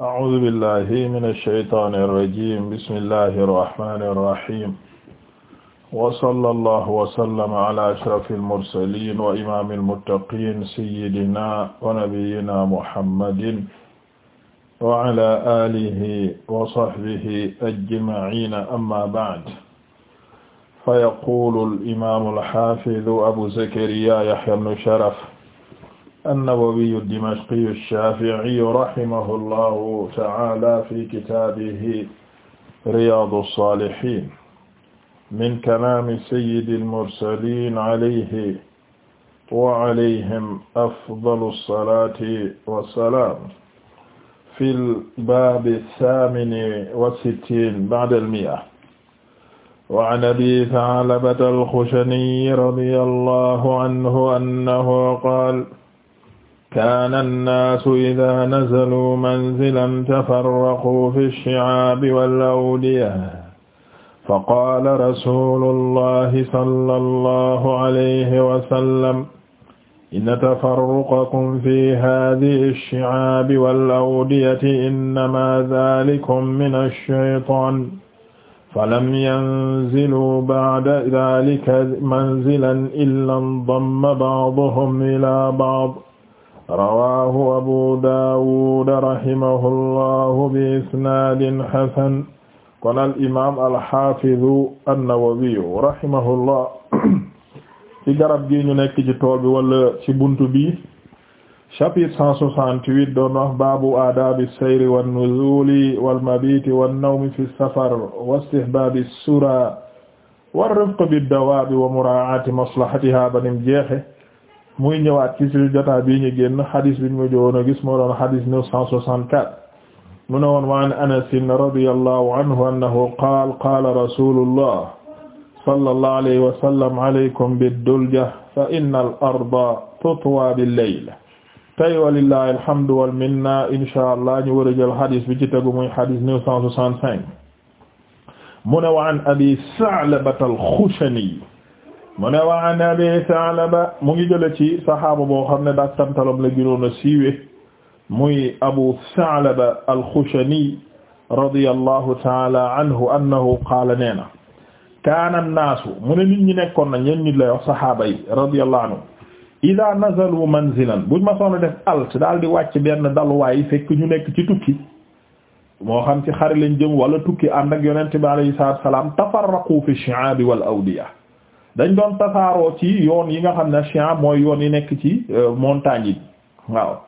أعوذ بالله من الشيطان الرجيم بسم الله الرحمن الرحيم وصلى الله وسلم على أشرف المرسلين وإمام المتقين سيدنا ونبينا محمد وعلى آله وصحبه أجمعين أما بعد فيقول الإمام الحافظ أبو زكريا يحيى بن شرف an-Nawawi ad-Dimashqi ash-Shafi'i rahimahu llahu ta'ala fi kitabihi Riyadu as-Salihin min kalami sayyidi al-mursalin alayhi wa alayhim afdalu as-salati was-salam fi al-bab ath-thamin wa sittin ba'da al-mi'a وعن أبي ثعلبة الخشني رضي الله عنه أنه قال kaana annaasu idaa nazaluu manzilan tafarraquu fi shicaabi wal awdiya fa qaala rasuulullahi sallallahu alayhi wa sallam inna tafarruqakum fi haadihi shicaabi wal awdiyati innamaa zaalikum mina shaytaan falam yanziluu ba'da zaalika manzilan illaa ndamma ba'duhum ilaa ba'd rawaahu abu daawud rahimahullahu bi isnaadin hasan kon al imaam al haafidu an-nawawiyu rahimahullah ci garab gi ñu nekk ci tool bi wala ci buntu bi chapitre cent soixante-huit doon wax baabu aadaabi sayri wan-nuzuuli wal-mabiiti wan-nawmi fi safar wa istihbaabi suraa war-rifqi bid-dawaabi wa muraa'ati maslahatihaa banim jeexe muy ñëwaat ci suñu jotaa bii ñu génn xadis bi ñu mujj woon a gis moo doon xadis 964 mu ne woon waan Anas radiyallahu anhu annahu qaala qaala rasulullah sallallahu alayhi wa sallam alaykum bid-dulja fa inna al-arda tutwa bil-layl tey walillahi alhamdu wal minna insha allah ñu war a jël xadis bi ci tegu muy xadis 965 mu ne waan Abi Sa'labata al-Xushani mu ne wa an Abi Sa'laba mu ngi jële ci saxaaba boo xam ne daak tantalam la gënoon a siiwe muy Abu Sa'laba al-Xushani radiyallahu ta'ala anhu annahu qaala nee na kaana naasu mu ne nit ñi nekkoon na ñeen nit lay wax saxaaba yi radiyallahu anhu ida nazalu manzilan buñ ma soona def alt daal di wàcc benn daluwaay fekk ñu nekk ci tukki moo xam ci xare lañ jëm wala tukki ànd ak yonent bi alayhi salaatu wa salaam tafarraqu fi shi'aabi wal awdiya dañ doon tasaaroo ci yoon yi nga xam ne chien mooy yoon yi nekk ci euh, montagne yi waaw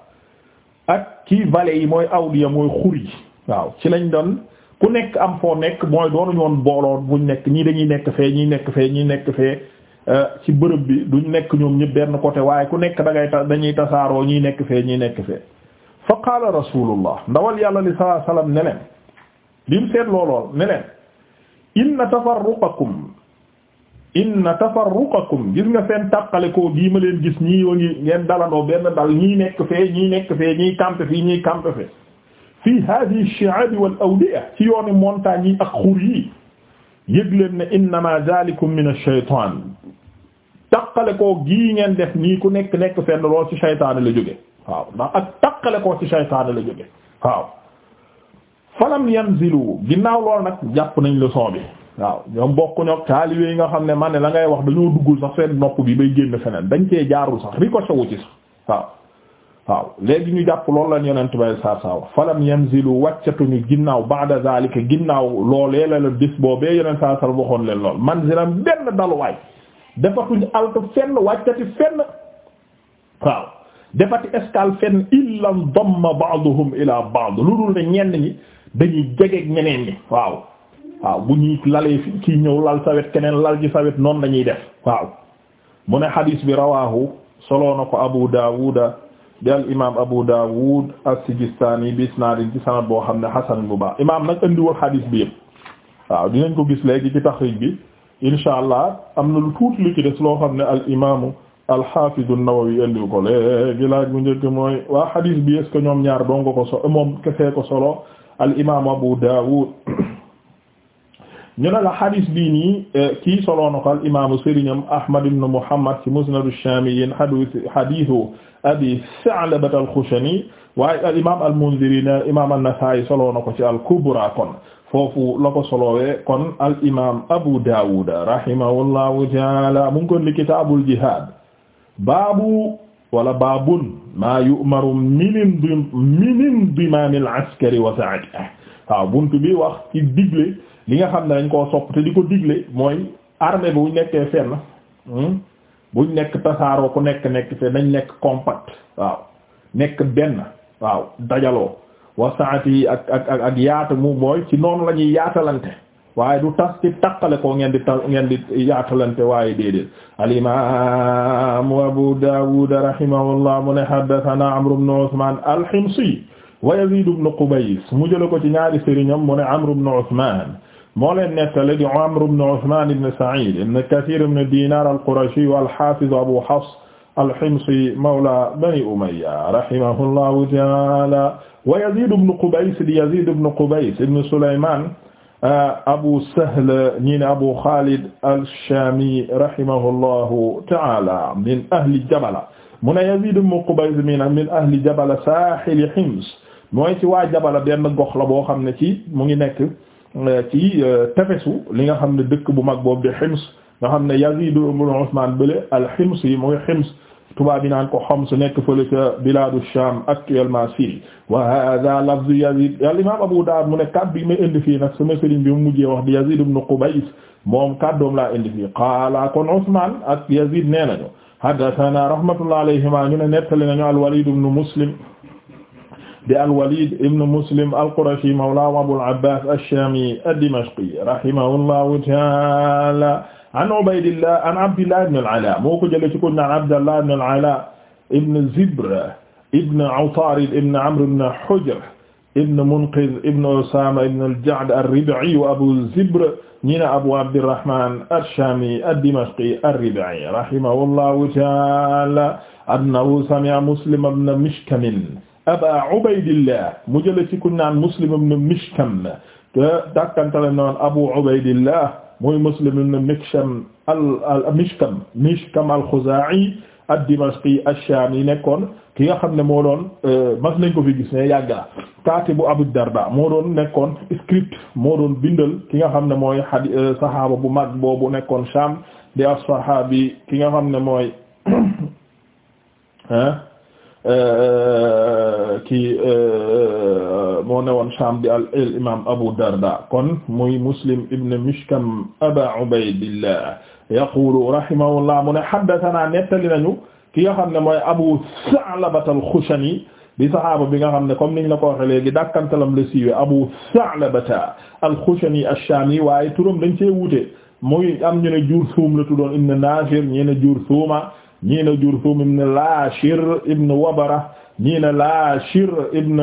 ak ci vallée yi mooy awliya mooy xur yi waaw ci lañ doon ku nekk am foo nekk mooy doonuñu woon booloon buñ nekk ñii dañuy nekk fee ñii nekk fee ñii nekk fee euh, ci bërëb bi duñ nekk ñoom ñëpp benn côté waaye ku nekk da ta dañuy tasaaroo ñii nekk fee ñii nekk fee fa qaala rasulullah ndawal yàlla li sallallahu alayhi wasallam ne leen lim seet loolool ne leen inna tafarruqakum inna tafarruqakum gis nga seen tàqale gii ma leen gis nii wa ngi ngeen dalandoo benn dal ñii nekk fee ñii nekk fee ñii campé fii ñii campé fee fii hadihi ash-shi'ab wal awdiya ci yooni montagne yi ak xur yi yëg leen ne innama zalikum min ash-shaytan taqale ko gii ngeen def nii ku nekk nekk fenn lool ci shaytaan la jóge waaw ndax ak tàqale koo ci shaytaan la jóge waaw ginnaaw lool nag jàpp nañ leçon bi waaw ñoom bokk ak taalibe yi nga xam ne man ne la ngay wax dañoo duggul sax seen nopp bi bay génn feneen dañ cee jaarul sax ricochet wu ci sax waaw waaw léegi ñu jàpp loolu lañ yonent bay saar saa wax falam yanzilu ginnaaw ba'da zalika ginnaaw loolee la la bis boobee yonent saa sar leen lool manzilam benn daluwaay defatuñ alt fenn wàccati fenn waaw defati escale fenn illam damma ba'duhum ila ba'd lu dul ne ñenn ñi dañuy jegeeg ñeneen ñi waaw waaw bu ñuy lalee fi kii ñëw lal sawet keneen lal ci sawet noonu lañuy def waaw mu ne xadiis bi rawaahu soloona ko abu daawuda bi al imaam abu daawud as-sijistaani bi isnaadin ci sanad boo xam ne xasan bu baax imaam nag indiwul xadiis bi yëpp waaw dinañ ko gis léegi ci taxriij bi insha allah am na lu tuuti lu ci des loo xam ne al imaamu alxafidu an-Nawawi indiw ko léegi laaj bu njëkk mooy waa xadiis bi est-ce ñoom ñaar doon ko so moom kefee ko ñu ne la hadis bii nii eh, kii solo na ko al imaamu sëriñam Ahmad ibn Muhammad ci musnadu shaamiyiin hadiisu Abi Sa'laba al-Xushani al imaam al-Munziri ne imaam an solo na ko ci al-Kubra kon foofu la ko solowee kon al imaam Abu Daawud rahimahullahu ta'aala mu ngi kon li kitaabul jihaad wala baabun maa yu'maru min indimaamil askari wa sa'atihi waaw buntu bi wax ci li nga xam ne dañ koo sopp te di ko digle mooy armée bi buñ nekkee fenn hmm, buñ nekk tasaaroo ku nekk nekk te nañ nekk compact waaw nekk benn waaw dajaloo wasaati yi ak ak ak yaata mu mooy ci noonu la ñuy yaatalante waaye du tas ci taqale ko ngeen di ta ngeen di yaatalante waaye déedéet alimamu Abu Dawud rahimahullah mu ne haddathana Amr ibn Usman al-Himsi wa Yazid ibn Qubays mu jële ko ci ñaari sëriñam mu ne Amr ibn Usman moo leen nettali di Amr ibn Usman ibn Sa'id ibn Kathir ibn Dinar al-Qurashi wal-Hafiz Abu Hafs al-Himsi mawla Bani Umayya rahimahullahu ta'ala wa Yazid ibn Qubays di Yazid ibn Qubays ibn Sulayman uh, Abu Sahl ñi ne Abu Khalid al-Shami rahimahullahu ta'ala min ahli Jabala mu ne Yazid ibn Qubays mi nag min ahli Jabala sahil Hims mooy ci waa Jabala benn gox la boo xam ne ci mu ngi nekk Euh, ci euh, tefesu li nga xam ne dëkk bu mag boobu di Hims nga xam ne Yazid ibn Usman bële al-Hims yi mooy Hims tubaab yi naan ko Homs nekk fële ca biladu Sham actuellement Syrie wa hadha lafzu Yazid al-imam Abu Dawud mu ne kaddu yi may indi fii nag sama sëriñ bi mu mujjee wax di Yazid ibn Qubays moom kaddoom laa indi fii qaala kon Usman ak Yazid nee nañu haddathana rahmatullah alayhima ñu ne nettali nañu al-Walid ibn Muslim di al-Walid ibn Muslim al-Qurashi mawlaa Abul Abbaas ash-Shaami ad-Dimashqi rahimahullahu ta'aala an Ubaydillah an Abdillah ibn al-Alaa moo ko jëlee ci ko naan Abdallah ibn al-Alaa ibn Zibr ibn Utaarid ibn Amr ibn Hujr ibn Munqidh ibn Usaama ibn al-Ja'd ar-Rib'i wa Abu Zibr ñi na Abu Abdirrahmaan ash-Shaami ad-Dimashqi ar-Rib'i rahimahullahu ta'aala annahu sami'a Muslim ibn Mishkam aba ubaydillah mu jële ci naan muslim ibn mishkam te dàkkantale noon abu ubaydillah muy muslim ibn mishkam al mishkam mishkam al-khuzaa'i ad-dimashqi ash-shaami nekkoon ki nga xam ne moo doon euh, mas nañ ko fi gis ne yàgg la kaatibu abu darda moo doon nekkoon script moo doon bindal ki nga xam ne mooy xadi euh, saxaaba bu mag boobu nekkoon Shaam di as-saxaabi ki nga xam ne mooy ah Euh, kii euh, moo newoon Sham di al imam Abu Darda kon muy Muslim ibn Mishkam Aba Ubaydillah yaqulu rahimahullah mu ne haddathana nettali nañu ki nga xam ne mooy Abu Sa'laba al-Khushani di saxaaba bi nga xam ne comme niñ la ko waxee léegi dàkkantalam la siiwee Abu Sa'laba al-Khushani ash-Shami waaye turam dañ cee wuute muy am ñu ne Jurthum la tuddoon ibn Nafir ñi ne Jurthuma ñii na Jurthum ibn Laashir ibn Wabara ñii na Laashir ibn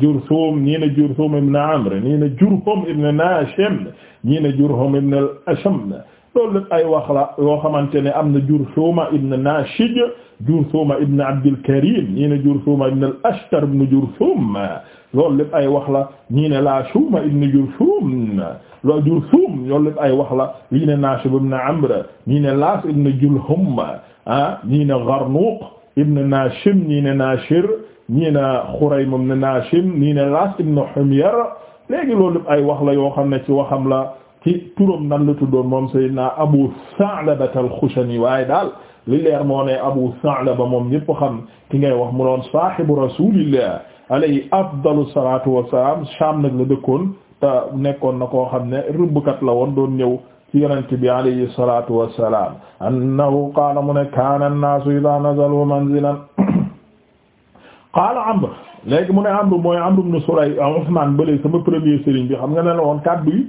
Jurthum ñii na Jurthum ibn Amr ñii na Jurhum ibn Naashim ñii na Jurhum ibn al-Asham loolu lépp ay wax la yoo xamante ne am na Jurthuma ibn Naashij Jurthuma ibn Abdul Karim ñii na Jurthuma ibn al-Ashtar ibn Jurthum loolu lépp ay wax la ñii ne Laashuma ibn Jurthum loolu Jurthum loolu lépp ay wax la ñii ne Naashib ibn Amr ñii ne Laas ibn Julhum ah ñii ne Gharnuq ibn Nashim ñii ne Nashir ñii ne Khuraym ibn Nashim ñii ne Las ibn Humyar léegi loolu ay wax la yoo xam ne ci waxam la ci turam nan la tuddoon moom Seydina Abu Sa'laba al-Khushani waaye daal li leer moo ne Abu Sa'laba moom ñëpp xam ki ngay wax mu doon saahibu Rasulillah alayhi afdalu salatu wassalam Sham nag la dëkkoon te nekkoon na koo xam ne rëbbkat la woon doon ñëw ci yonent bi alayhi salatu wassalam annahu qaala mu ne kaana annaasu idaa nazalu manzilan qaala Amr léegi mu ne Amr mooy Amr ibn Sulay ah, Usmaan bële sama premier sëriñ bi xam nga ne la woon kaddu yi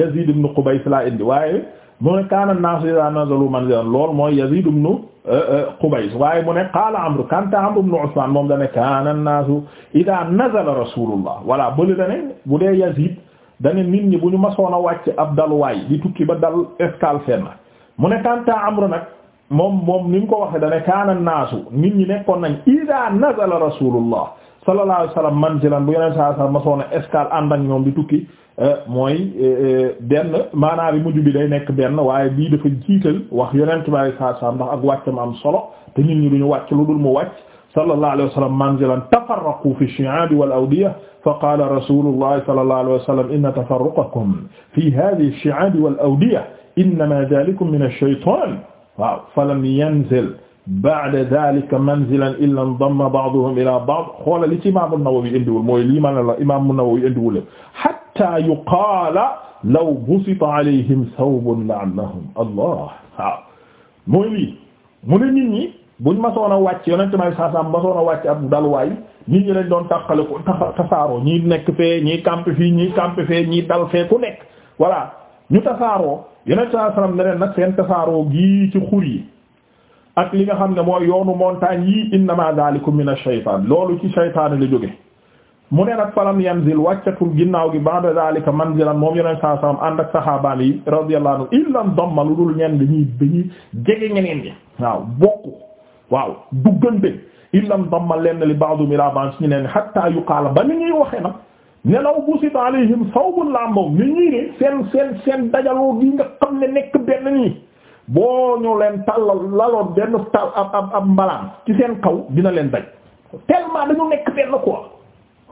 Yazid ibn Qubays la indi waaye mu ne kaana annaasu idaa nazalu manzilan lool mooy Yazid ibn eh, eh, Qubays waaye mu ne qaala Amr kanta Amr ibn Usmaan moom dane kaana annaasu idaa nazala rasulullah voilà bële dane bu dee Yazid dane nit ñi bu ñu masoon a wàcc ab daluwaay di tukki ba dal escale fenn mu ne kanta amru nag moom moom ni mu ko waxee dane kaana naasu nit ñi nekkoon nañ ida nazala rasulullah sallallahu alayhi wasallam manzilan bu yeneen saa saa masoon a ànd ak ñoom di tukki eh, mooy eh, eh, benn maanaa bi mujj bi day nekk benn waaye bii dafa jiital wax yonent bi sallallahu alayhi ndax ak wàcc ma am solo te nit ñi ñu wàcc lu dul mu wàcc sallallahu alayhi wa sallam manzilan tafarraqu fi ash-shi'ab wal awdiya fa qala rasulullah sallallahu alayhi wa sallam inna tafarruqakum fi hadhihi ash-shi'ab wal awdiya innama dhalikum min ash-shaytan waaw falam yanzil ba'da dhalika manzilan illa indamma ba'duhum ila ba'd xoola li ci imam an-Nawawi indiwul mooy lii ma la imam an-Nawawi indiwul hatta yuqala law busita alayhim thawbun la'allahum allah waaw mooy lii mu ne nit ñi buñ masoon a wàcc yonent may saasaam masoon a wàcc ab dalwaay nit ñi lañ doon taxale ko tasaaroo ñii nekk fee ñii camp fii ñii camp fee ñii dal fee ku nekk voilà ñu tasaaroo yonent saa salaam ne leen nag seen tasaaroo gii ci xur yi ak li nga xam ne mooy yoonu montagne yi innama dalikum min ash-shaytaan loolu ci shaytaan la jóge mu ne nag falam yanzil wàccatul ginnaaw gi ba'da daalika manzilan moom yonent saa salaam ànd ak saxaabaan yi radiyallahu anhu illan damma lu dul ñenn dañuy dañuy jege ñeneen ñi waaw waaw duggante illam damma lenn li ba'dhum ila ba'd ñu ne hatta yuqaala ba ni ñuy waxe nag nelaw busita alayhim sawbun la moom ni ñii ne seen seen seen dajaloo gi nga xam ne nekk benn nii boo ñu leen tallal laloon benn tal ab ab ab mbalaan ci seen kaw dina leen daj tellement dañu nekk benn quoi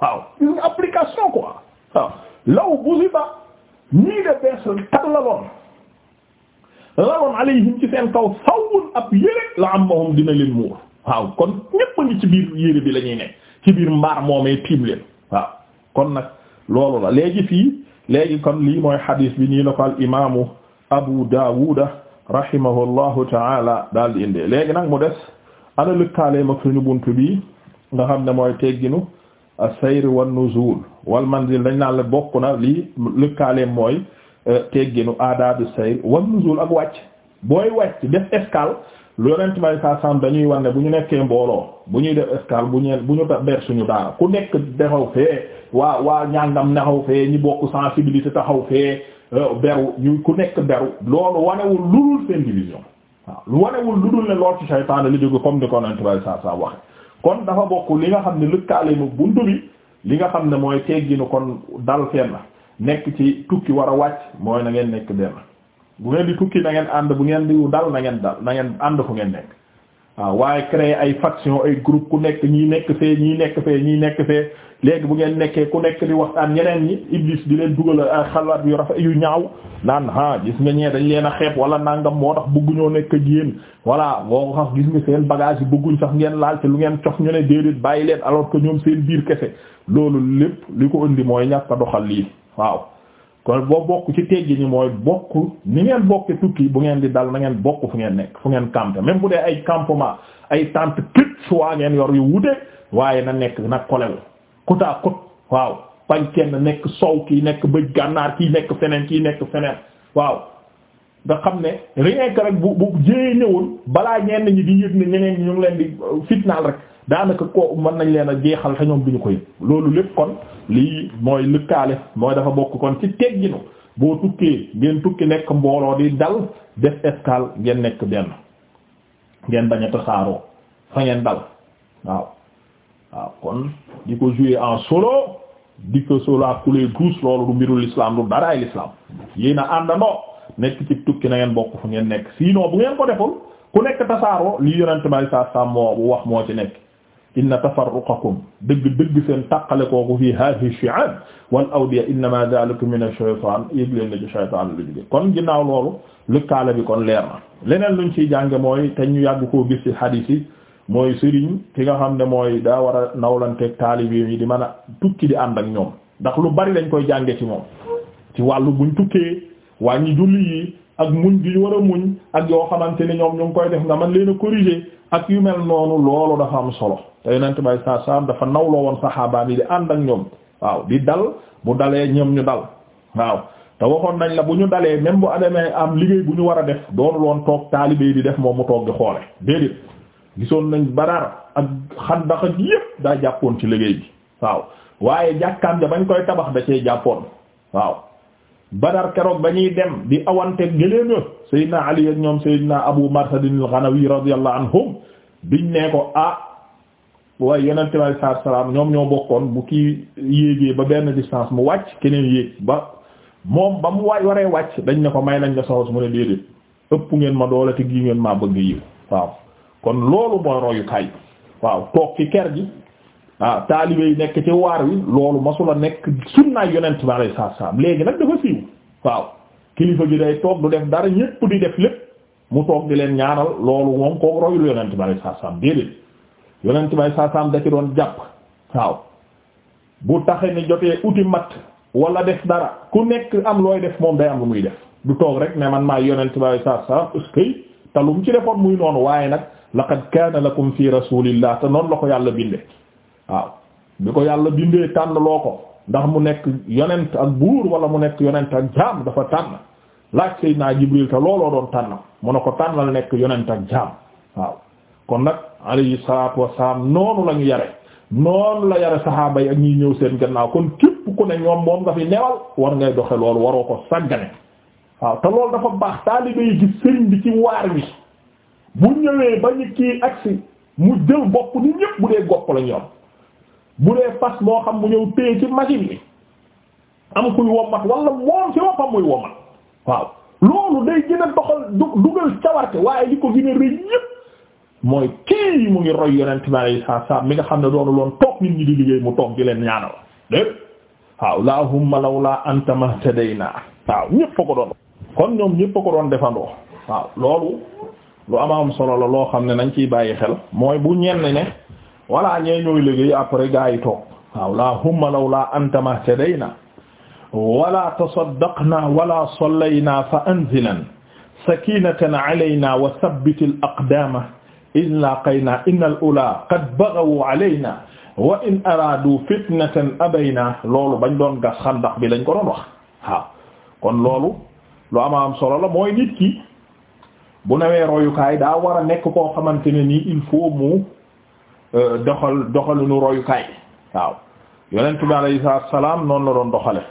waaw une application quoi waaw law busita ñii de bees tallaloon rawoon alayhim ci seen kaw sawun ab yére la ammahum dina leen muur waaw kon ñépp a ngi ci biir yére bi la ñuy nekk ci biir mbaar moomee tiim leen waaw kon nag loolu la léegi fii léegi kon lii mooy xadiis bi nii la ko al imaamu Abu Daawuda rahimahullahu taala daal di indee léegi nag mu des ana lëkkaale mag suñu bunt bi nga xam ne mooy tegginu as-sayr wan nuzul wal manzil dañ naan la bokk na lii lëkkaale mooy Euh, tegginu aadaabu sayr wan nuzul ak wàcc booy wàcc def escale lu yonent saa sam dañuy war bu ñu nekkee mbooloo bu ñuy def escale bu ñeen bu ñu ber suñu daara ku nekk dexaw fee waa waa ñàngam nexaw fee ñi bokk sensibilité taxaw fee euh, beru ñu ku nekk beru loolu wanewul lu dul seen division waaw lu wanewul lu dul ne lool ci saytaane li jóge comme ni ko yonent may saa sam kon dafa bokk li nga xam ne lëkkaale mu buntu bi li nga xam ne mooy tegginu kon dal fenn nekk ci tukki war a wàcc mooy na ngeen nekk benn bu ngeen di tukki na ngeen ànd bu ngeen di dal na ngeen dal na ngeen ànd fu ngeen nekk waaw waaye créer ay faction ay groupe ku nekk ñii nekk fee ñii nekk fee nekk fee léegi bu ngeen nekkee ku nekk di waxtaan ñeneen ñi iblis di leen dugal ay ah, xalaat yu rafet yu ñaaw naan ah gis nga ñee dañ leen a xeeb wala nangam moo tax bëgguñoo nekk ak yéen voilà boo ko gis nga seen bagage yi bëgguñ sax ngeen laal ci lu ngeen cox ñu ne bàyyi leen alors ñoom seen biir kese loolu li ko indi mooy ñàkk doxal lii waaw kon boo bokk ci teggi ni mooy bokk ni ngeen bokke tukki bu ngeen di dal na ngeen bokk fu ngeen nekk fu ngeen campé même bu dee ay campement ay tente kit ngeen yor yu wute waaye na nekk na kolel côte à côte waaw bañ kenn nekk sow kii nekk bëj gànnaar kii nekk feneen kii nekk feneen waaw nga xam ne rien rek bu bu jéyee ñëwoon balaa ngeen ñi di yëg ne ñeneen ñu leen di fitnaal rek daanaka ko mën nañ leen a jeexal te ñoom duñu ko yëg loolu lépp kon lii mooy lu lëkkaale mooy dafa bokk kon ci tegginu boo tukkee ngeen tukki nekk mbooloo di dal def escale ngeen nekk benn ngeen bañ a tasaaroo fa ngeen dal waaw waaw kon di ko jouer en solo di ko solo à couler douce loolu du mbirul islam du dara ay l'islam yéen a àndandoo nekk ci tukki na ngeen bokk fu ngeen nekk sinon bu ngeen ko deful ku nekk tasaaroo li yonent bay saa saa moo wax moo ci nekk. inna tafarruqakum dëgg dëgg seen tàqale kooku fii hadhihi shi'ab wal awdiya innama dhalika min ash-shaytan yëg leen la ci shaytan la kon ginnaaw loolu lëkkaale bi kon leer na leneen luñ ciy jànge mooy te ñu yàgg koo gis ci hadith mooy sëriñ ki nga xam ne mooy daa war a nawlanteeg taalibe yi di mën a tukki di ànd ak ñoom ndax lu bari lañ koy jànge ci moom ci wàllu buñ tukkee wàññi julli yi ak muñ gi ñu war a muñ ak yoo xamante ni ñoom ñu ngi koy def nga man leen a corriger ak yu mel noonu loolu dafa am solo te yonent bay saa saam dafa nawloo woon saxaabaan yi di ànd ak ñoom waaw di dal bu dalee ñoom ñu dal waaw te waxoon nañ la bu ñu dalee même bu adamee am liggéey bu ñu war a def doonul woon toog taalibee di def moom mu toog di xoole déedéet gisoon nañ badar ak xandax ak yépp daa jàppoon ci liggéey bi waaw waaye jàkkaan ja bañ koy tabax da cee jàppoon waaw badar keroog ba ñuy dem di awante gëléem yo sayyidina ali ak ñoom sayyidina abu marsadin al-ghanawi radiyallahu di ñu ne ko ah waaye yonente bi alei salatua salaam ñoom ñoo bokkoon bu kii yéegee ba benn distance mu wàcc keneen yéeg ba moom ba mu waay waree wàcc dañ ne ko may nañ la soxos mu ne déedéet ëpp ngeen ma doole te gi ngeen maa bëgg yiw waaw kon loolu mooy royukaay waaw toog ci ker gi ah taalibe nekk ci waar wi loolu masula nekk sunnaay yonent bi alayhi salaam léegi nag dafa siiw waaw kilifa gi day toog du def dara ñépp di def lépp mu toog di leen ñaanal loolu moom kooku royul yonent bi alayhi salaam déedéet yonent bi alayhi salaam da ci doon jàpp waaw bu taxe ni jotee uti mat wala def dara ku nekk am looy def moom day am lu muy def du toog rek ne man maa yonent bi alayhi salaam uskay te lu mu ci defoon muy noonu waaye nag laqad kaana lakum fi rasulillah la ko yàlla bindee. waaw bi ko yàlla bindee tànn loo ko ndax mu nekk yonent ak buur wala mu nekk yonent ak jaam dafa tànn laaj naa Jibril te looloo doon tànn mu ne ko tànnal nekk yonent ak jaam waaw kon nag alayhi salaatu wassalaam noonu la ñu yare noonu la yare saxaaba yi ak ñiy ñëw seen gannaaw kon képp ku ne ñoom moom nga fi newal war ngay doxe loolu waroo ko sàggane waaw te loolu dafa baax taalibe yi ci sëriñ bi ci waar wi bu ñëwee ba ñu kii mu jël bopp la ñoom bu dee fas boo xam mu ñëw téye ci machine bi am kuy wommat wala moom ci boppam muy wommat waaw loolu day gën a doxal dugal cawarte waaye li ko gën a rëy yépp mooy kii mu ngi roy yonent bi alayhi salaatu salaam mi nga xam ne doonu loon toog nit ñi di liggéey mu toog di leen ñaanal dégg waaw allahumma lawla anta mahtadayna waaw ñépp a ko doon kon ñoom ñépp ko doon defandoo waaw loolu lu am am solo la loo xam ne nañ ciy bàyyi xel mooy bu ñenn ne walla ñee ñooy liggéey après gaa yi toog waaw laa humma law laa anta mahtadayna wala tasaddaqna wala sallayna fa anzilan sakinatan alayna wa thabbit al aqdama in laqayna inna al ula qad baghaw alayna wa in aradu fitnatan abayna loolu bañ doon gas xandax bi lañ ko doon wax waaw kon loolu lu ama am solo la mooy nit ki bu nawee royukaay daa war a nekk koo xamante ne nii il faut mu Euh, doxal doxalinu royukaay waaw yonent bi alayhi salaam noonu la doon doxale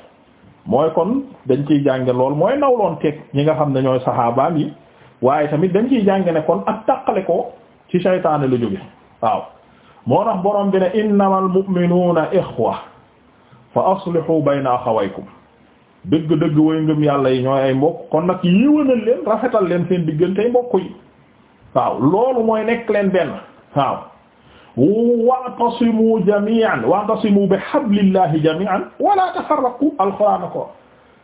mooy kon dañ ciy jànge lool mooy nawloon teg ñi nga xam ne ñooy saxaabaam yi waaye tamit dañ ciy jànge ne kon ak taqale ko ci saytaane lu jóge waaw moo tax borom bi ne innamal mu'minuuna ixwa fa aslihu bayna dëgg-dëgg way ngëm yàlla yi ñooy ay mbokk kon nag yiwanal leen rafetal leen seen diggante mbokk yi waaw loolu mooy nekk leen benn waaw wa'tasimu jami'an wa'tasimu bi hablillahi jami'an wala tafarraqu alxuraan ko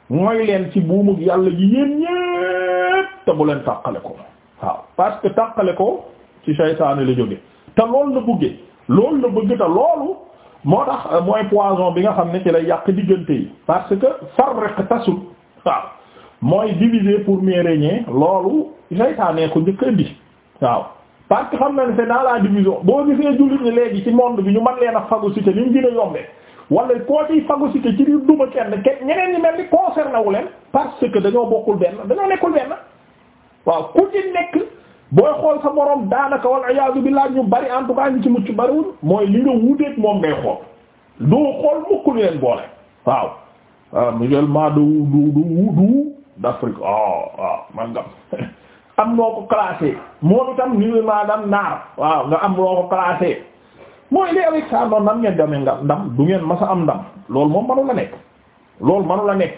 mooy leen ci buumug yàlla yi yéen ñépp te bu leen tàqale ko waaw parce que tàqale ko ci saytaane la jóge te loolu na bëgge loolu la bëgg te loolu moo tax euh, mooy poison bi nga xam ne ci lay yàq diggante yi parce que farriq tasut waaw mooy diviser pour mieux régner loolu saytaane ko njëkk indi waaw parce que xam na ne c'est dans division boo gisee jullit ñi léegi ci monde bi ñu man leen a phagocyté ni mu gën a yombee wala koo ciy phagocyté ci di duma kenn kenn ñeneen ñi mel ni concerné wu leen parce que dañoo bokkul benn dañoo nekkul benn waaw ku ci nekk booy xool sa morom daanaka wal iyaadu billaah ñu bari en tout cas ñu ci mucc bariwul mooy li nga wuteek moom ngay xool doo xool mukk leen boole waaw ah musulman du du du du d'Afrique ah, ah, am noo ko classé moom itam musulman dam naar waaw nga am noo ko classé mooy li avec ça noonu nan ngeen demee ndam du ngeen masa am ndam lool moom manu la nekk lool manu la nekk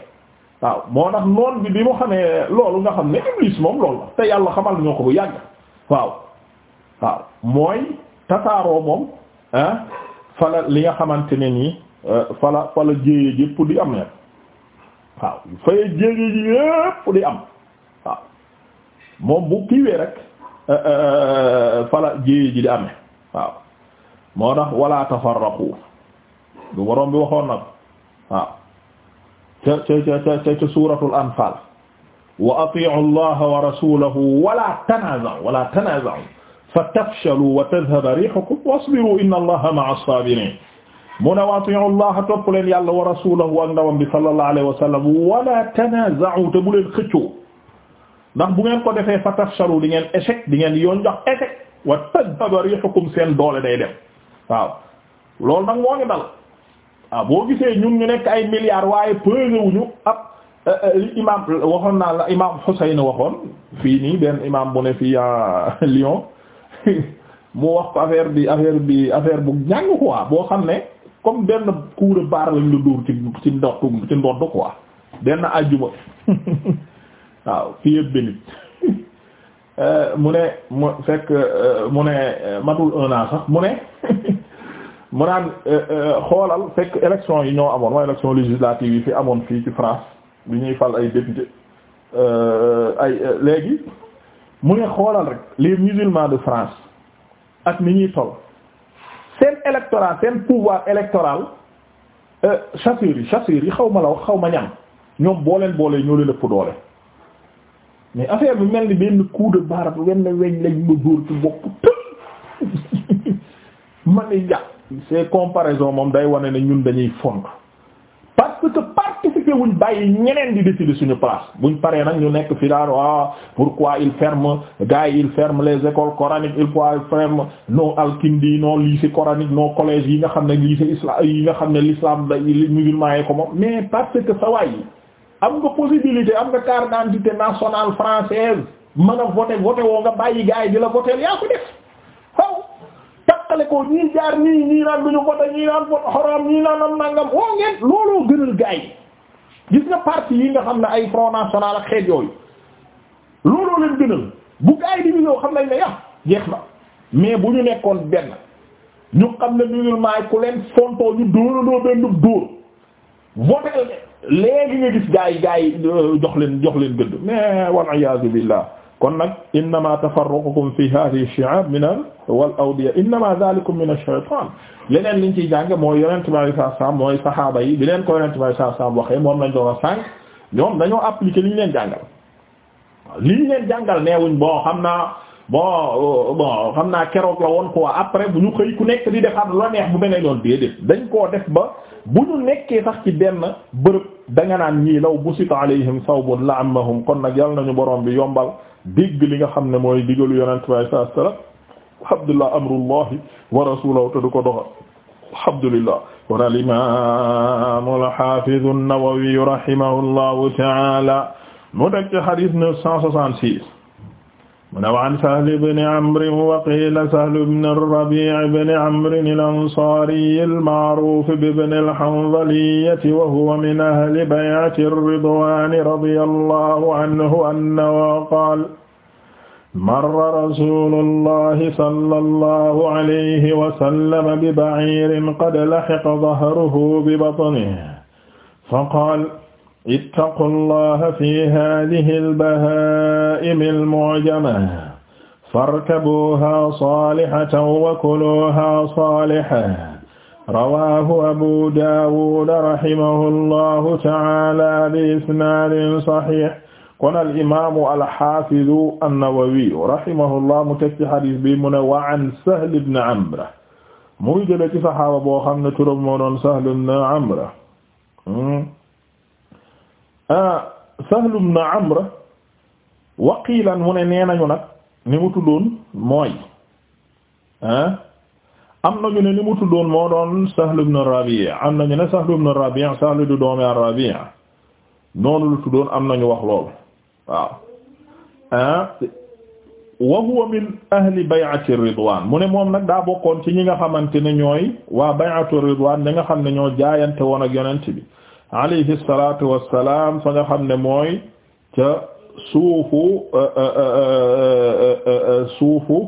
waaw moo tax noon bi bi mu xamee loolu nga xam ne iblis moom lool te yàlla xamal ñoo ko bu yàgg waaw waaw mooy tasaaroo moom ah fala li nga xamante ne nii euh, fala fala jéeye yépp di am ne waaw faye jéeye ji yépp di am moom bu kiiwee rek euh, euh, euh, fala jéyee ji di amee waaw moo tax wala tafarraqu du borom bi waxoon nag waaw ca ca ca ca ca suuratul anfaal wa atii'u allaha wa rasulahu wala tanaaza'u wala tanaaza'u fatafshalu wa tadhhaba riihukum wasbiru inna allaha ma'a as-saabiriin mu ne wa atii'u allaha topp leen yàlla wa rasulahu ak ndawam bi sallallahu alayhi wa sallam wala tanaaza'u te bu leen xëccoo ndax bu ngeen ko defee fa tafshalu di ngeen échec di ngeen yoon jox échec wa tadhhabu rihukum seen doole day dem waaw loolu nag moo ngi dal waaw boo gisee ñun ñu nekk ay milliards waaye pesé wuñu ab euh, euh, imam waxoon naa la imam Husayn waxoon fii nii benn imam bu ne fii Lyon mu wax ko affaire bi affaire bi affaire bu ñàng quoi boo xam ne comme benn coup de barre lañ la dóor ci ci ndottu ci ndottu benn àjjuma waaw fii yëpp benn euh, mu ne mu fekk euh, mu ne matul un an sax mu ne mu naan euh, xoolal fekk élection yi ñoo amoon mooy élection législative yi fi amoon fii ci France bi ñuy fal ay député ay léegi mu ne xoolal rek les musulmans de France ak mi ñuy toll seen électorat seen pouvoir électoral chasseurs yi chasseurs yi xaw ma la xaw ma ñan ñoom boo leen boolee ñoo leen ëpp doole. mais affaire bi mel ni benn coup de barre benn weñ lañ ma dóor ci bopp tëb ma ni jàpp ces comparaisons moom day wane ne ñun dañuy fond parce que participer wuñ bàyyi ñeneen di décider suñu place buñ paree nag ñu nekk fi daan wa ah, pourquoi il ferme gars yi il ferme les écoles coraniques il faut ferme nos alkindi nos lycées coraniques nos collèges yi nga xam ne lycée islam yi nga xam ne l'islam da musulman yi ko moom mais parce que sawaay yi am nga possibilité am nga carte d'identité nationale française mën a voter voter nga bàyyi gaay di la voter yaa ko def waaw takkale ko ñii jaar ñii ñii naan duñu voter ñii ñii naan am nangam looloo gënal gaay gis nga parti yi nga xam na ay Front National ak xeet yooyu looloo leen gënal bu gaay di bi ñëw xam nañ ne yàq ah, jeex na mais bu ñu nekkoon benn ñu xam ne musulman ku leen fontoo ñu dóoraloo benn dóor voter léegi nga gis gaa yi gaa yi euh, jox leen jox leen gëdd mais wal iyaazu billah kon nag innama tafarruqukum fi hadhihi ash-shi'ab min wal awdiya innama dhalikum min ash-shaytan leneen liñ ciy jàng mooy yonent bi alayhi yi bi leen ko yonent bi alayhi salaam waxee moom lañ doon a sànq ñoom dañoo appliquer liñ leen jàngal liñ leen jàngal neewuñ bon xam naa bon euh, bon naa keroog la woon quoi après bu ñu xëy ku nekk di defaat lu la neex bu beneen yoon déedéet dañ koo def ba bu ñu nekkee sax ci benn bërëb danga naan ñii law busita alayhim sawbun la ammahum kon nag yal nañu borom bi yombal digg li nga xam ne mooy digalu yonent bi sallallahu alayhi wasallam alhamdulillah amrullahi wa rasuluhu te du ko doxal alhamdulillah kon al imam al hafiz an-Nawawi rahimahullahu ta'ala mu teg ci hadith 966 mu ne waan Sahl ibn Amr wa qiila Sahl ibn ar-Rabi' ibn Amr al-Ansari al-ma'ruf bi ibn al-Hanzali wa huwa min ahli bay'ati ar-ridwan radiyallahu anhu annahu qaala marra rasuulullahi sallallahu alayhi wa sallam bi ba'iirin qad lahiqa dhahruhu bi batnihi fa qaala ittaqu allah fi hadihi albahaimi almu'jama farkabuha salihatan wa kuluha salihan rawahu abu dawud rahimahu allahu taala bi isnadin sahih kon alimamu alhafidu annawawi rahimahu llah mu teg ci hadis bi mu ne wa an sahl ibn amra mu ngi jële ci sahaaba boo xam ne turam moo doon sahl ibn amra hmm? Ah, Sahl ibn Amr waqiilan mu ne nee nañu nag ni mu tuddoon mooy ah am nañu ne ni mu tuddoon moo doon Sahl ibn Rabi' am nañu ne Sahl ibn Rabi' Sahl du doomi Rabi' noonu la tuddoon am nañu wax lool waaw ah wa huwa min ahli bay'ati ridwaan mu ne moom nag daa bokkoon ci ñi nga xamante ne ñooy waa bay'atu ridwaan ñi nga xam ne ñoo jaayante woon ak yonent bi alayhi salatu wassalam fa nga xam ne mooy ca suufu euh, euh, euh, suufu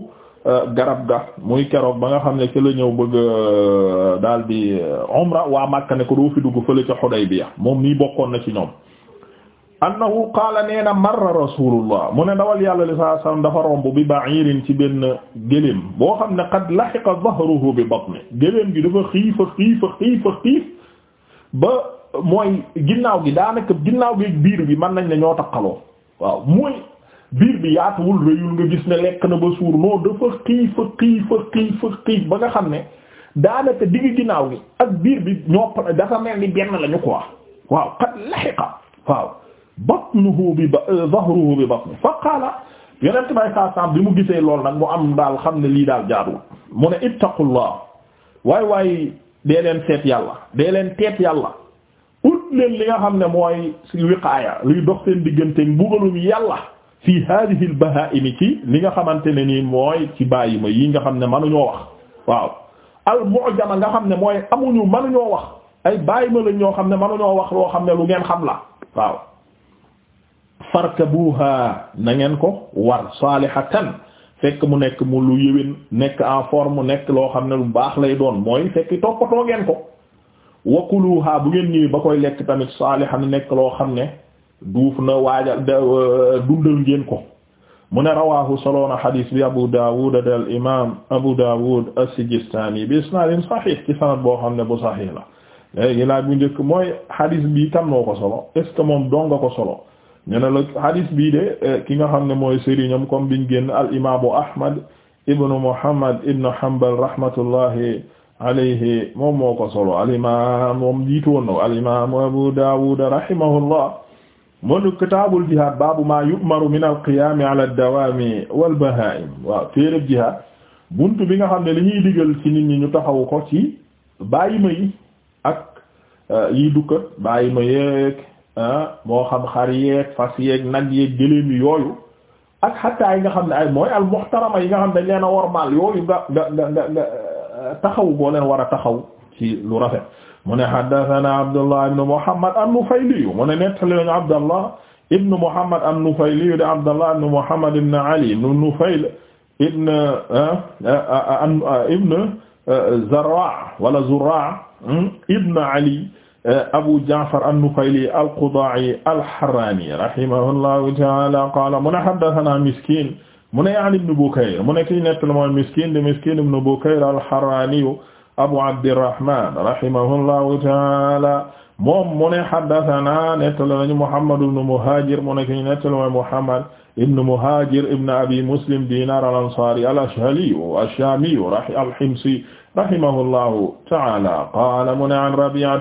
garab ga muy keroog ba nga xam ne ci la ñëw bëgg daal di umra waa Makka ne ko doo fi dugg fële ca Hudaybiya moom mii bokkoon na ci ñoom annahu qaala nee na marra rasulullah mu ne dawal yàlla li saa sallam dafa romb bi ba'irin ci benn gëléem boo xam ne qad lahiqa dhahruhu bi batni gëléem gi dafa xiifa xiifa xiifa xiif ba mooy ginnaaw gi daanaka ginnaaw gi biir bi man nañ ne ñoo taqaloo waaw mooy biir bi yaatuwul rëyul nga gis ne lekk na ba suur non dafa xiif xiif xiif xiif ba nga xam ne daanaka digg ginnaaw gi ak biir bi ñoo dafa mel ni benn lañu quoi waaw qad lahiqa waaw batnuhu bi dhahruhu bi batni fa qaala yonent bay saa sam bi mu gisee lool nag mu am daal xam ne lii daal jaadul mu ne ittaqullah waay waay dee leen seet yàlla dee leen teet yàlla ut leen li nga xam ne mooy wiqaaya luy dox seen diggante mbugalum yàlla fi hadihi al ci li nga xamante ne nii mooy ci bàyyi ma yi nga xam ne mënuñoo wax waaw al-mu'jama nga xam ne mooy amuñu ñoo wax ay bàyyi ma lañ ñoo xam ne mënuñoo wax loo xam ne lu ngeen xam la waaw farkabuha na ngeen ko war salihatan fekk mu nekk mu lu yëwén nekk en forme nekk loo xam ne lu baax lay doon mooy fekk toppatoo ngeen ko wakuluha bu ngeen ñëwee ba koy lekk tamit saalihan nekk loo xam ne duuf na waajal euh, dundal ngeen ko mu ne rawahu soloona xadis bi abu daawud de al imam abu daawud as-sijistani bi isnaadin saxiix ci sanad boo xam ne bu saxiix la léegi laaj bu njëkk mooy xadis bi kan moo ko solo est ce que moom donga ko solo ñu ne la xadis bii de euh, ki nga xam ne mooy sëriñam comme biñ génn al imaamu ahmad ibnu muhammad ibnu hanbal rahmatullahi alayhi moom moo ko solo alimam moom jiitu woon na alimamu Abu Dawud rahimahullah kitaabul jihad baabu ma yu'maru min alqiyami ala ad-dawami waaw téereb jihad buntu bi nga xam ne li ñuy digal ci nit ñi ñu taxaw ko ci bàyyi ma yi ak euh, yi dukkat bàyyi ma yeeg ah, moo xam xar yeeg fas yeeg nag yeeg gëléem yi yooyu ak xattaa yi nga xam ne ay mooy al yi nga xam ne dañ leen a wormaal yooyu nga nga nga taxaw boo leen war a taxaw ci lu rafet mu ne haddathana Abdullah ibn Muhammad an-Nufayli mu ne nettali nañu Abdullah ibn Muhammad an-Nufayli de Abdullah ibn Muhammad ibn Ali ibn Nufayl ibn ah, ah, ibn ah, Zarra' wala Zurra' ibn Ali Abu Ja'far an-Nufayli al-Quda'i al-Harrani rahimahullahu ta'ala qala mu ne haddathana Miskin mu ne an ibn Bukayr mu ne ki nettali mooy Miskiin de Miskiin ibn Bukayr al-Harraaniyu Abu Abdirrahmaan rahimahullahu ta'aala moom mu ne haddasanaa nettali nañu Muhammad ibn Muhaajir mu ne ki nettali mooy Muhammad ibn Muhaajir ibn Abi Muslim Diinaar al-Ansaari al-Ashhaliyu ash-Shaamiyu al-Himsiyu rahimahullahu ta'aala qaala mu ne an Rabii'a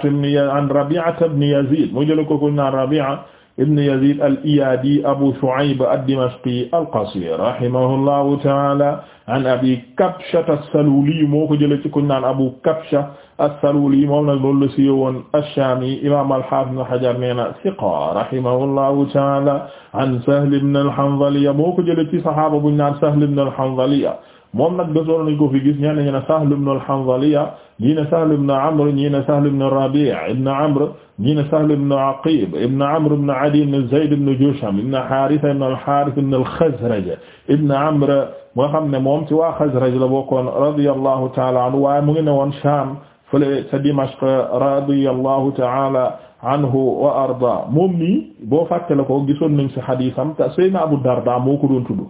ibn Yaziid mu jël ko ko naan Rabii'a ibn yazid al iyadi abu shu'ayb ad-dimashqi al-qasri rahimahullahu ta'ala an abi kabsha as-saluli moo ko jëlee ci kuñ naan abu kabsha as-saluli moom nag loolu la siiwee woon ash-shami imam al-hafiz ibn hajar nee na thiqa rahimahullahu ta'ala an sahl ibn al-hanzaliya moo ko jëlee ci sahaaba buñ naan sahl ibn al-hanzaliya moom nag desoon nañ ko fi gis ñenn ñi ne Sahl ibn al-Hanzaliya ñii ne Sahl ibn Amr ñii ne Sahl ibn Rabi' ibn Amr ñii ne Sahl ibn Aqib ibn Amr ibn Adi ibn Zayd ibn Jusham ibn Haritha ibn al-Harith ibn al-Khazraj ibn Amr moo xam ne moom ci waa Khazraj la bokkoon radiyallahu ta'ala anhu waaye mu ngi ne woon Sham fële sa Dimashq radiyallahu ta'ala anhu wa arda moom nii boo fàtte la ko gisoon nañ ci hadiisam te Seydina Abu Darda moo ko doon tudd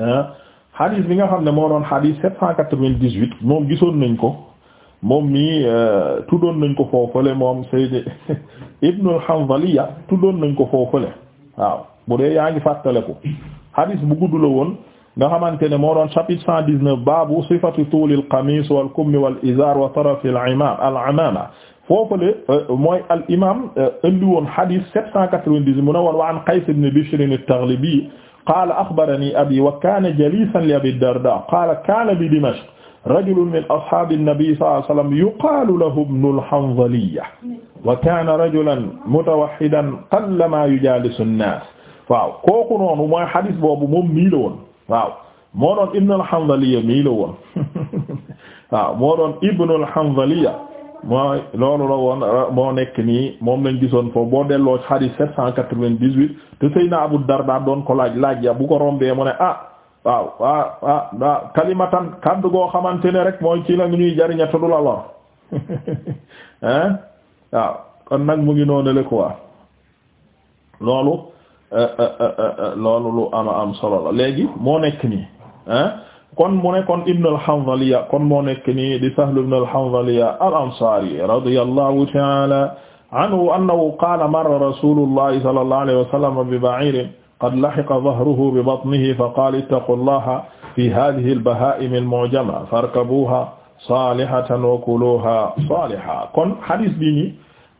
ah. xadis bi nga xam ne moo doon xadis 798 moom gisoon nañ ko moom mi euh, tuddoon nañ ko foofale moom Sayyid Ibn al-Hanzaliya tuddoon nañ ko foofale waaw bu dee yaa ngi fàttale ko xadis bu gudd la woon nga xamante ne moo doon chapitre 119 baabu sifatu tuulil qamis wal kummi wal izar wa tarafi al imam al amama foofale euh, mooy al imam euh, indi woon xadis 798 mu ne wa an Qays ibn Bishr at qaala axbarani abi wa kaana jaliisan li abi darda qaala kaana bi dimashq rajulun min ashaabi nabi sallallahu alayhi wa sallam yuqaalu lahu ibnul hanzaliyya wa kaana rajulan mutawahhidan qallamaa yujaalisu nnaas waaw kooku noonu mooy xadis boobu moom mii la woon waaw moo doon ibnul hanzaliyya mii la woon waaw moo doon ibnul hanzaliyya mooy loolu la woon moo nekk nii moom lañ gisoon foofu boo delloo xadis sept cent quatre-vingt-dix-huit te Seydina dar Darda doon ko laaj laaj ya bu ko rombee mu ne ah waaw ah ah ah kalimatan kaddu goo xamante ne rek mooy ci la ñuy jariña te du la nag mu ngi noonu la quoi loolu eh, eh, eh, loolu lu ama am solo la léegi moo nekk nii hein kon mu ne kon ibn al-Hanzaliya kon moo nekk nii di Sahl ibn al-Hanzaliya al-Ansari radiyallahu ta'ala anhu annahu qaala marra rasulullahi sallallahu alayhi wa sallam bi ba'irin qad lahiqa dhahruhu bi batnihi fa qaala ittaqullaha fi hadhihi al-baha'im al-mu'jama farkabuha salihatan wa kuluha saliha kon hadis bi nii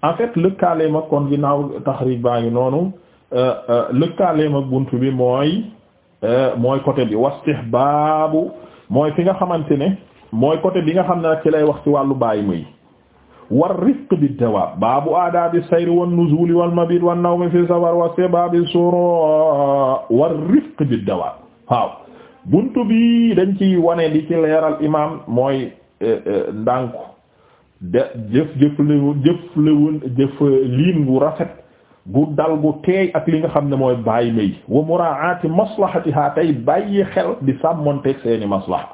en fait lëkkaale ma kon ginnaaw taxrij baa ngi noonu euh, euh, lëkkaale ma buntu bi mooy Euh, mooy côté bi wastihbaabu mooy fi nga xamante ne mooy côté bi nga xam ne nag ci lay wax ci wàllu bàyyi muy war rifq bi dawaab baabu aadaabi sayri wan nuzuuli wal mabiit wan nawmi fi safar wastihbaabi sura war rifq bi dawaab waaw buntu bi dañ ci wane di ci leeral imaam mooy eh, eh, ndànku de jëf jëf lewu wu rafet gu dal gu teey ak li nga xam ne mooy bàyyi may wa muraati maslahatiha tey bàyyi xel di sàmmonteeg seeni maslaha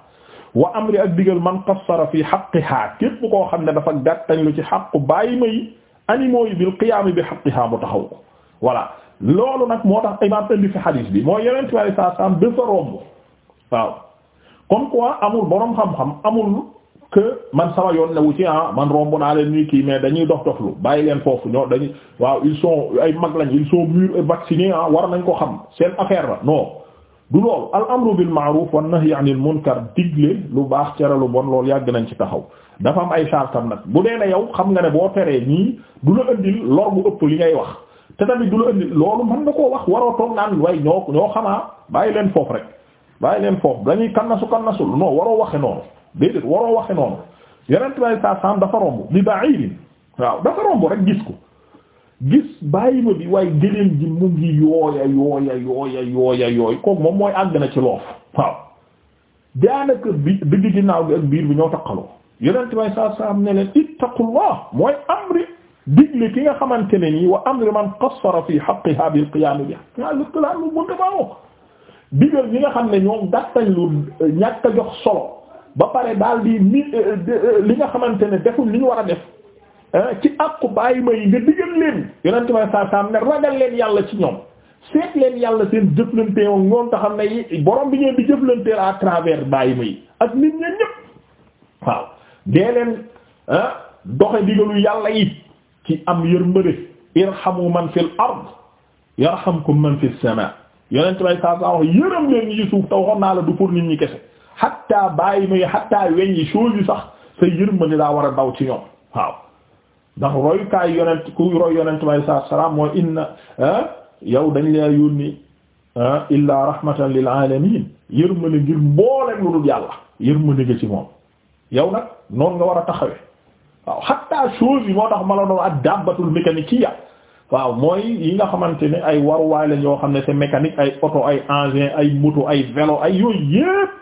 wa amri ak digal man qassara fi haqqiha képp koo xam ne dafa gàttañ lu ci xaqu bàyyi may animaux yi bil qiyaam bi haqqiha mu taxaw ko voilà loolu nag moo tax imam indi fi hadis bi mooy yeneen ci wàllu saa saam dafa romb waaw comme quoi amul boroom xam-xam amul que man sama yoon newu ci ah man romb naa leen ñuy kii mais dañuy dox doxlu bàyyi leen foofu ñoo dañuy waaw ils sont ay mag lañ ils sont mûrs et vaccinés ah war nañ ko xam seen affaire la non du loolu al amru bil ma'ruf wan nahyi 'anil munkar digle lu baax cere lu bon loolu yàgg nañ ci taxaw dafa am ay sartam nag bu dee ne yow xam nga ne boo teree ñii du la ëndil lor bu ëpp li ngay wax te tamit du la ëndil loolu mën nga koo wax waroo toog naan way ñoo ñoo xamaa bàyyi leen foofu rek bàyyi leen foofu dañuy kannasu kannasul non waroo waxe noonu déedéet waroo waxe noonu yeneen tubaab yi saa saam dafa romb li ba'irin waaw dafa romb rek gis ko gis bàyyi ma bi waaye gëléem ji mu ngi yooya yooya yooya yooya yooy kooku moom mooy àgg na ci loof waaw daanaka bi digg ginnaaw bi ak biir bi ñoo takkaloo yeneen tubaab yi saa saam ne leen ittaqullah mooy amri digle ki nga xamante ne nii wa amri man qassara fi haqqiha bil qiyam bi waaw lu ko laal lu bëgg a baaxoo digal ñi nga xam ne ñoom gàttañ lu ñàkk a jox solo. ba pare daal di mi euh, euh, li nga xamante ne defuñ li ñu war a def ci àqu bàyyi ma yi nga digal leen yonente may saa saam ne ragal leen yàlla ci ñoom seet leen yàlla seen jëflantee moom ñoom te xam ne borom bi ngeen di jëflanteel à travers bàyyi ma yi ak nit ñeen ñëpp waaw dee leen doxe digalu yàlla yi ci am yërmande irhamu man fil ard yarhamkum man fis sama yonente may saa saa wax yërëm leen ñi ci suuf te waxoon naa la du pour nit ñi kese xatta bàyyi muy xatta weñ yi sax sa yërmande daa war a daw ci ñoom waaw ndax royukaay yonent ku roy yonent bi saa salaam mooy inna ah, yow dañ laa yónni ah, illaa rahmatan lil alamin yërmande ngir mboolem lu dul yàlla yërmande nga ci moom yow nag noonu nga war a taxawe waaw xatta choses moo tax ma a doon ak dàbbatul mécanique waaw mooy yi nga xamante ne ay waruwaay lañ ñoo xam ne c'est mécanique ay oto ay engin ay moto ay vélo ay yooyu yépp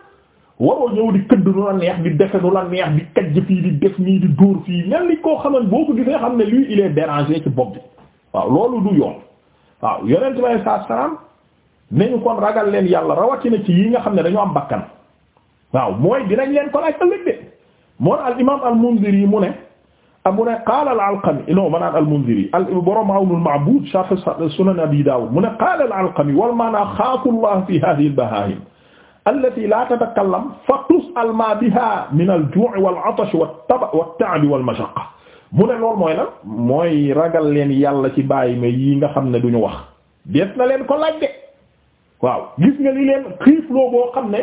a ñëw di këdd nu la neex di defe nu la neex di kajj fii di def nii di dóor fii mel ni koo xaman boo ko gisee xam ne lui il est dérangé ci bopp bi waaw loolu du yoon waaw yonent bi alei salaatu salaam nañu kon ragal leen yàlla rawatina ci yi nga xam ne dañu am bakkan waaw mooy dinañ leen kon ay ëllëg de moon al imam al Munziri mu ne amu ah, ne qaala al Alqami non manaan al Munziri al borom Awnul Ma'bud sharh Sunan Abi Dawud mu ne qaala al Alqami wal maana xaafu Allah fi hadhihi al allati la tatakallam fa tus'al ma biha min al-ju' wal-'atash wat-tab' wat-ta'b wal-mashaqqa mu ne loolu mooy lan mooy ragal leen yàlla ci bàyyi ma yi nga xam ne duñu wax dees na leen ko laaj de waaw gis nga li leen xiifloo boo xam ne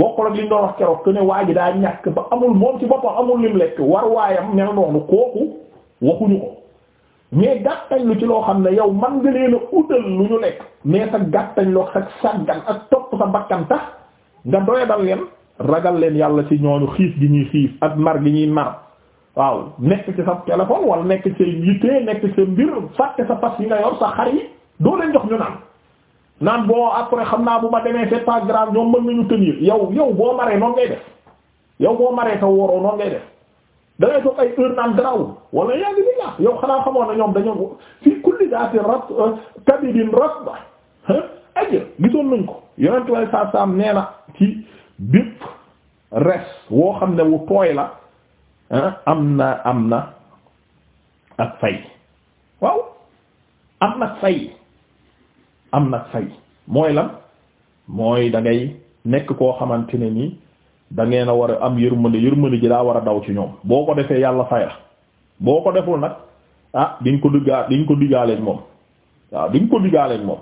bokkul ak li ñu doon wax keroog waa ji daa ñàkk ba amul moom ci boppam amul lim lekk war waayam mel noonu kooku waxuñu ko mais gàttañ lu ci loo xam ne yow man nga leen a utal lu ñu lekk mais sa gàttañ loo sa sàggan ak topp sa bakkan tax nga doyadal leen ragal leen yàlla ci ñooñu xiif gi ñuy xiif ak mar gi ñuy mar waaw nekk ci sa téléphone wala nekk ci sa yitte nekk ci sa mbir fàtte sa pass yi nga yor sa xar yi doo leen jox ñu naan naan boo après xam naa bu ma demee c'est pas grave ñoom mën nañu tenir yow yow boo maree noon ngay def yow boo maree sa woroo noonu ngay def da ngay toog heure naan garawul wala yaa ngi ni la yow xanaa xamoon na ñoom dañoo fi kulli daati rab kabidin rasba ajr nañ ko yonentu way saa saam nee na ci res woo xam ne wu tooy la am na am na ak fay waaw am na fay am na mooy la mooy dangay nekk koo xamante ne nii dangeen ngeen a war a am yërmande yërmande ji daa war a daw ci ñoom boo ko defee yàlla fay la boo ko deful nag ah diñ ko diggaa diñ ko diggaaleeg moom waaw diñ ko diggaaleeg moom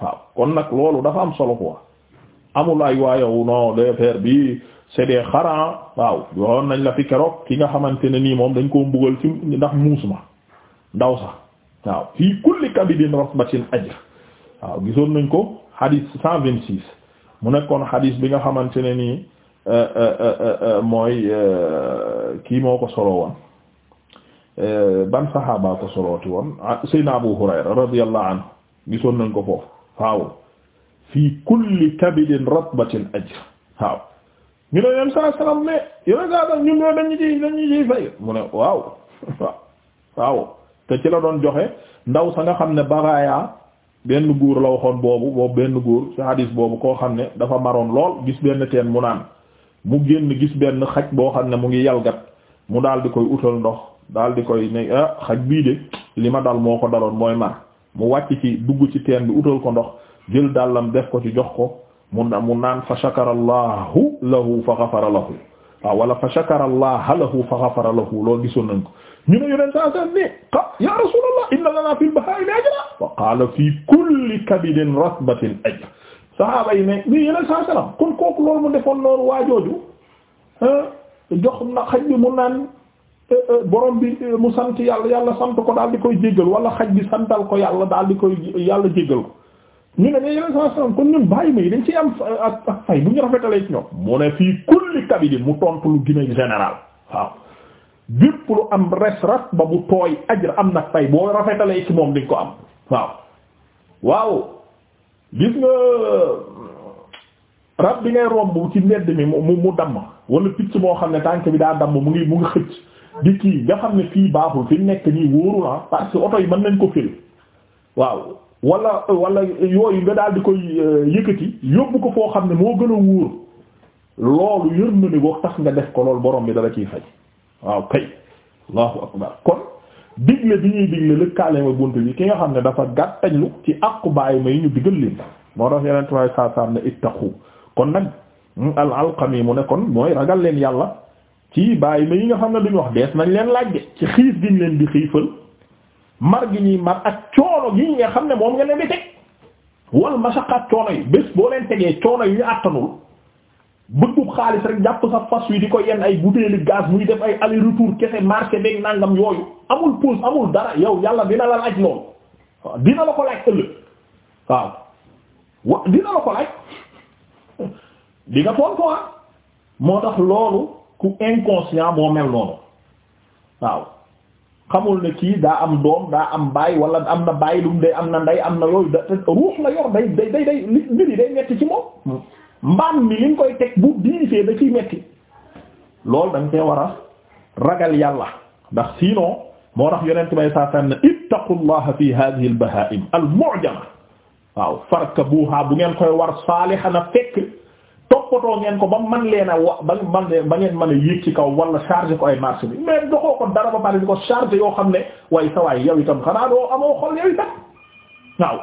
waaw kon nag loolu dafa am solo quoi amul ay waayow non les affaires bi c'est des xaran waaw yoon nañ la fi keroog ki nga xamante ne nii moom dañ koo mbugal ci ndax muus ma ndaw sax waaw fii kulli kabidin rasbatin ajr waaw gisoon nañ ko hadis cent vingt six mu nekkoon hadis bi nga xamante ne nii euh, euh, euh, mooy kii moo ko solo woon ban saxaaba ko solo solooti woon ah, Seydina Abu Hurayra radiyallahu anhu gisoon nañ ko foofu waaw fii kulli kabidin ratbatin ajr waaw ñu ne yéen saa salaam ne yéen saa salaam ñun dañu ciy dañu ciy fay mu ne waaw waaw te ci la doon joxe ndaw sa nga xam ne baraaya benn góor la waxoon boobu boobu benn góor ci hadis boobu koo xam ne dafa maroon lool gis benn teen mu naan mu génn gis benn xaj boo xam ne mu ngi yalgat mu daal di koy utal ndox daal di koy ne ah, xaj bii de li ma dal moo ko daloon mooy mar. mu wàcc ci dugg ci teen bi utal ko ndox jël dàllam def ko ci jox ko mu mu naan fa shakarallahu lahu fa ghafara lahu waaw wala fa shakarallaha lahu fa ghafara lahu gisoon nañ ko ñu ne yoneen saa san ah ya rasulallah inna lana fil baha'imi ajra wa qala fi kulli kabidin ratbatin ajr sahaaba yi ne mii yeneen saa sallam kon kooku loolu mu defoon noonu waajooju ah, jox na xaj mu naan Euh, euh, borom bi euh, mu sant yàlla yàlla sant ko daal di koy jéggal wala xaj bi santal ko yàlla daal di koy yàlla jéggal ko ñu ne ne yeneen saa salaam kon ñun bàyyi ma yi dañ ciy am fay bu ñu rafetalee ci ñoom mu ne fii kulli kabidi mu tontu lu gën a général waaw bépp lu am res ba bu tooy ajra am nag boo rafetalee ci moom dañ ko am waaw waaw gis nga rab bi ngay romb ci mbedd mi mu mu damm wala picc moo xam ne tànk bi daa damm mu ngi mu ngi xëcc di ci nga xam ne fii baaxul fi nekk nii wóorul ah parce oto yi mën nañ ko firi waaw wala wala yooyu nga daal di koy euh, yëkkati yóbbu ko foo xam ne moo gën a wóor loolu yër na ni boo tax nga def ko loolu borom bi dala ciy faj waaw kay allahu akbar kon digle bi ñuy digle lëkkaale ma bunt bi ki nga xam ne dafa gàttañlu ci àqu bàyyi may ñu digal leen moo tax yeneen tubaab saa saa ne ittaqu kon nag al alqami mu ne kon mooy ragal leen yàlla. ci bàyyi ma yi nga xam ne duñu wax dees nañ leen laaj de ci xiif giñ leen di xiifal mar gi ñuy mar ak coono gi nga xam ne moom nga leen di teg wal masaqaat coono yi bés boo leen tegee coono yu ñu àttanul bëggub xaalis rek jàpp sa fas wi di ko yenn ay butéeli gaz muy def ay aller retour kese marché beeg nangam yooyu amul pause amul dara yow yàlla dina la laaj loolu waaw dina la ko laaj ëllëg waaw wa dina la ko laaj di nga foon ah. moo tax loolu ku inconscient moo mel noonu waaw xamul ne kii daa am doom daa am baay wala am na baay lu mu day am na nday am na yooyu da ruux la yor day day day day mbir yi day metti ci moom mbaam mi li nga koy teg bu diifee da ciy metti loolu da nga koy war a ragal yàlla ndax sinon moo tax yonent bay saa sànn ittaqullaha fi hadhihi al bahaim al mu'jama waaw farkabuha bu ngeen koy war saaliha na fekk toppatoo ngeen ko ba man leen a wax ba man leen ba ngeen man a yéeg ci kaw wala chargé ko ay marché bi mais doxoo ko dara ba pare di ko chargé yoo xam ne waaye sa waay yow itam xanaa doo amoo xol yow itam waaw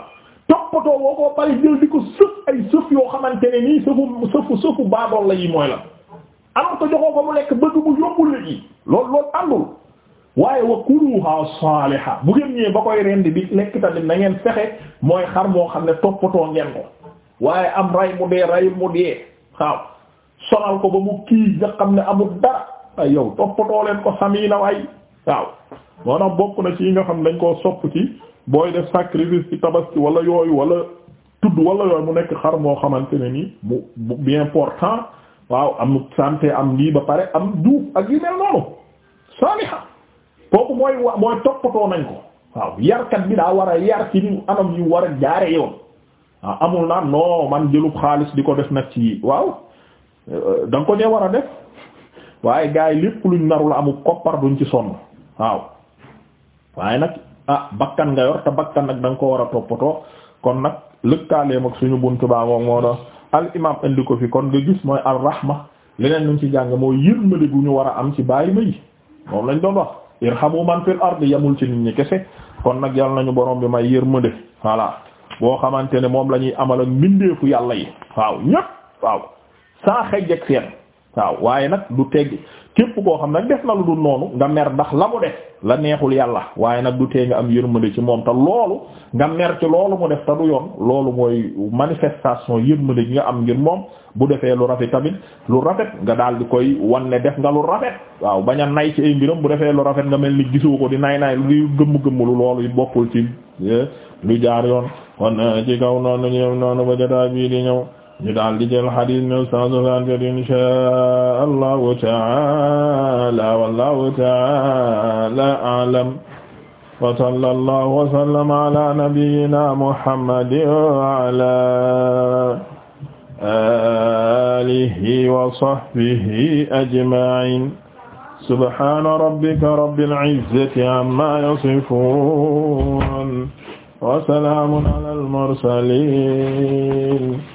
toppatoo woo ko pare jël di ko sëf ay sëf yoo xamante ne nii sëfu sëfu sëfu baadool la yi mooy la alors que joxoo ko mu lekk bëgg mu yóbbul la ji loolu loolu àndul waaye wa kuruha saliha bu ngeen ñëwee ba koy rendi bi lekk tamit na ngeen fexe mooy xar moo xam ne toppatoo ngeen ko waaye am ray mu dee ray waaw sonal ko ba mu kii nga xam ne amul dara ay yow toppatoo leen ko samiina waay waaw moo tax bokk na ci yi nga xam dañ koo sopp ci booy def sacrifice ci tabaski wala yooyu wala tudd wala yooyu mu nekk xar moo xamante ne nii mu bien important waaw am santé am lii ba pare am duub ak yu mel noonu saaliha kooku mooy wa mooy toppatoo nañ ko waaw yarkat bi daa war a yar ci ni anam yu war a jaare yoon ah amul naan noo man jëlub xaalis di ko def nag ci waaw euh, da nga ko dee war a def waaye gaa yi lépp luñ naru la amul koppar duñ ci sonn waaw waaye nag ah bakkan nga yor te bakkan nag da ko war a toppatoo kon nag lëkkaaleem ak suñu bunt baa moom moo doon al imam indi ko fii kon nga gis mooy al rahma leneen luñ ci jàng mooy yërmande gu ñu war a am ci bàyyi ma moom lañ doon wax irhamu man fil ard yamul ci nit ñi kese kon nag yàlla nañu borom bi may yërmande voilà boo xamante ne moom la ñuy amal ak mbindeefu yàlla yi waaw ñépp waaw saa xejj seen waaw waaye nag du teg képp koo xam nag def na lu dul noonu nga mer ndax la mu def la neexul yàlla waaye nag du tee nga am yërmande ci moom te loolu nga mer ci loolu mu def te du yoon loolu mooy manifestation yërmande gi nga am ngir moom bu defee lu rafet tamit lu rafet nga daal di koy wan ne def nga lu rafet waaw bañ a nay ci ay mbiram bu defee lu rafet nga mel ni gisu ko di nay nay lu gëmm gëmm lu loolu it bokkul ci lu jaar yoon kon ci kaw noonu ñëw noonu ba jotaay bii ñëw. ñu daal di jël hadith neuf cent soixante-sept inshaa Allahu ta'ala wallahu ta'ala a'lam wa sallallahu wa sallama ala nabiyyina muhammadin wa ala alihi wa sahbihi ajma'in subhana rabbika rabbil izzati amma yasifun wa salamun ala al mursalin